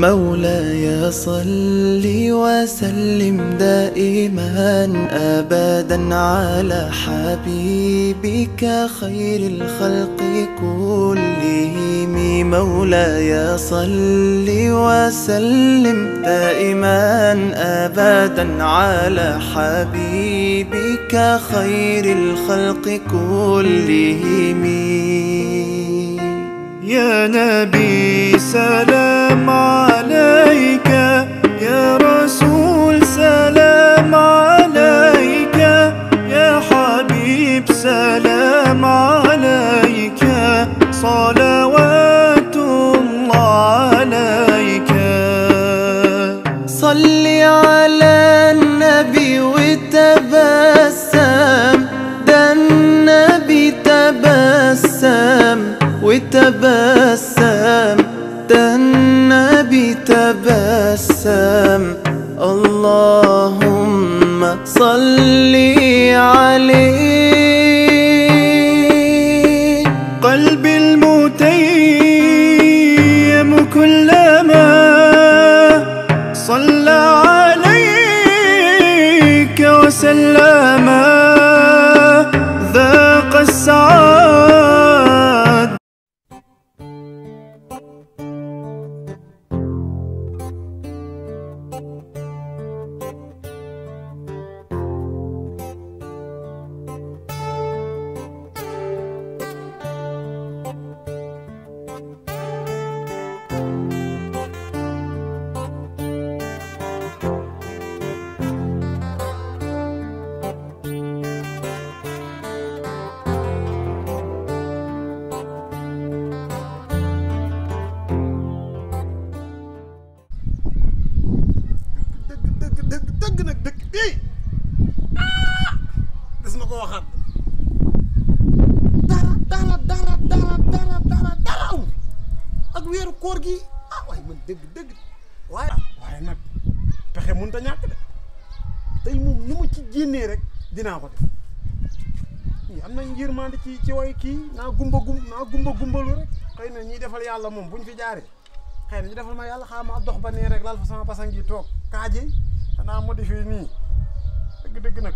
مولاي صل وسلم دائما ابدا على حبيبك خير الخلق كلهم مولاي صل وسلم دائما ابدا على حبيبك خير الخلق كلهم يا نبي سلام my اللهم صل عليه قلبي المتيم كلما صلى عليك وسلم koo xam dara dara dara dara dara dara dara amul ak weeru koor gi ah waaye man dëgg dëgg waaye waaye nag pexe mënut a ñàkk de tey moom ni ma ci génnee rek dinaa ko def am nañ yërmande iya, ci ci way kii naa gumba gum naa gumba gumbalu rek xëy na ñuy defal yàlla moom buñ fi jaaree xëy na ñu defal ma yàlla xaaral ma dox ba nee rek laal fa sama basang yi toog gitu. kaaje xanaa modifié nii dëgg-dëgg nag.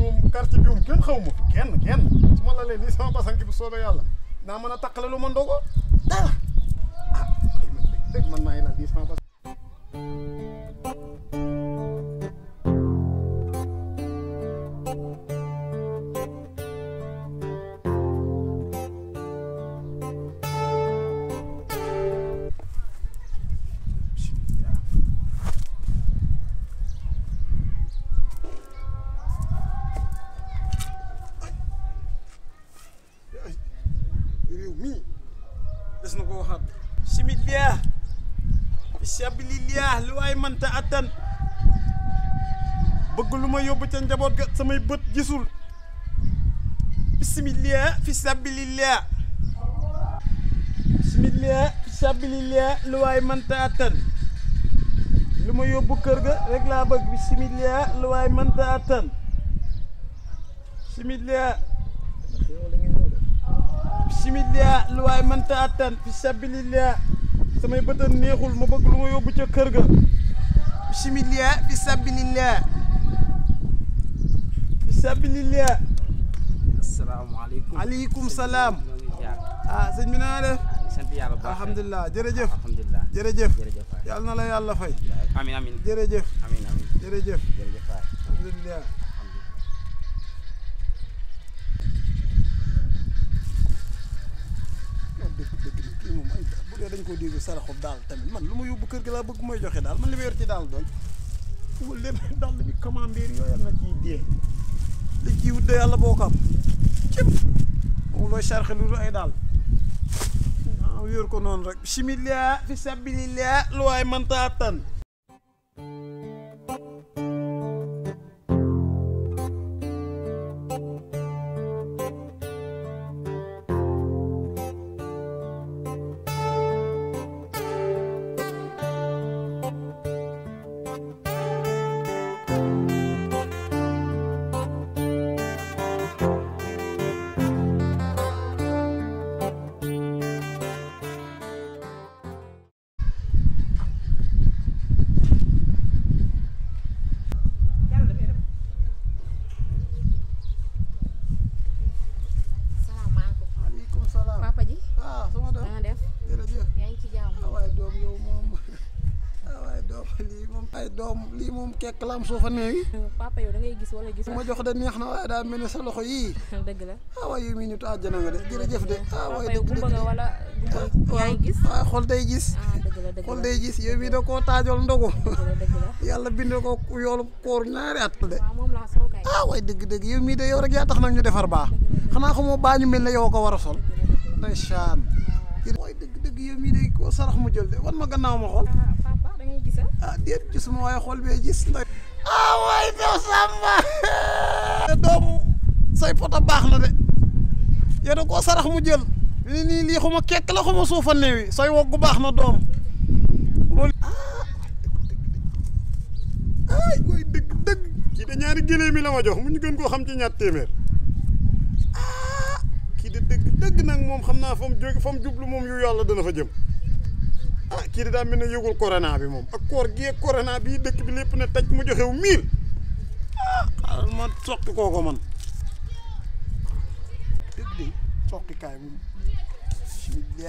moom quartier bi moom kenn xaw ma kenn kenn su ma la leen nii sama basan gi bu soobee yàlla naa mën a taqale lu ma ndogo dara ah man dëgg man maa ngi la nii sama mi des na ko waxaat simillah bisabilillah lu waay manta attan bëgg lu ma yóbbu ca njaboot ga samay bët gisul bismillah fisabilillah bismillah fisabilillah lu waay manta attan lu ma yóbbu kër ga rek laa bëgg bismillah lu waay manta attan bismillah bisimilah lu waay mënta attan fi sabilillah samay bët neexul ma bëgg lu ma yóbbu ca kër ga bisimilah fi sabilillah fi sabilillah asalaamaaleykum aleykum salaam ah sëñ bi naa def sant yàlla bu baax alhamdulilah jërëjëf alhamdulilah jërëjëf yàlla na la yàlla fay amiin amiin dañ koo dégg saraxub daal tamit man lu ma yóbbu kër gi laa bëgg mooy joxe daal man li ma yor ci daal doy ko am cëpp moom looy lii moom doom lii moom kekk la am suufa neewi papa yow da ngay gis wala ma jox de neex na waaye daa mel ne sa loxo yii dëgg la ah waay yu muy nitu àjjana nga de jërëjëf de ah waay ah, ah, ah, xool day gis xool day gis yow mii da koo taajool ndogu yàlla bind ko yoolu koor ñaari at de ah waay dëgg dëgg yow mii de yow rek yaa tax nag ñu defar baax xanaa xamoo baa ñu mel ne yow ko war a sol ndeysaan waay dëgg dëgg yow mii de koo sarax mu jël de wan ma gannaaw ma xool gisa ah déet gisuma waaye xool bee gis ndax ah waay sàmba eh, doomu say poto baax na de yow da koo sarax mu jël li nii lii xuma kekk la xuma suufa neewi say woggu baax na doom loolu ah, ay koy dëgg dëgg kii de ñaari gëléem mi la ma jox mu ñu gën koo xam ci ñaar téeméer ah, kii de dëgg dëgg nag moom xam naa fa mu jóge fa mu jublu moom yu yàlla dana fa jëm kii di daa mel ne yëgul bi moom ak koor gi ak corona bi dëkk bi lépp na taj mu joxew miir ah xaaral soqi kooko man dëgg de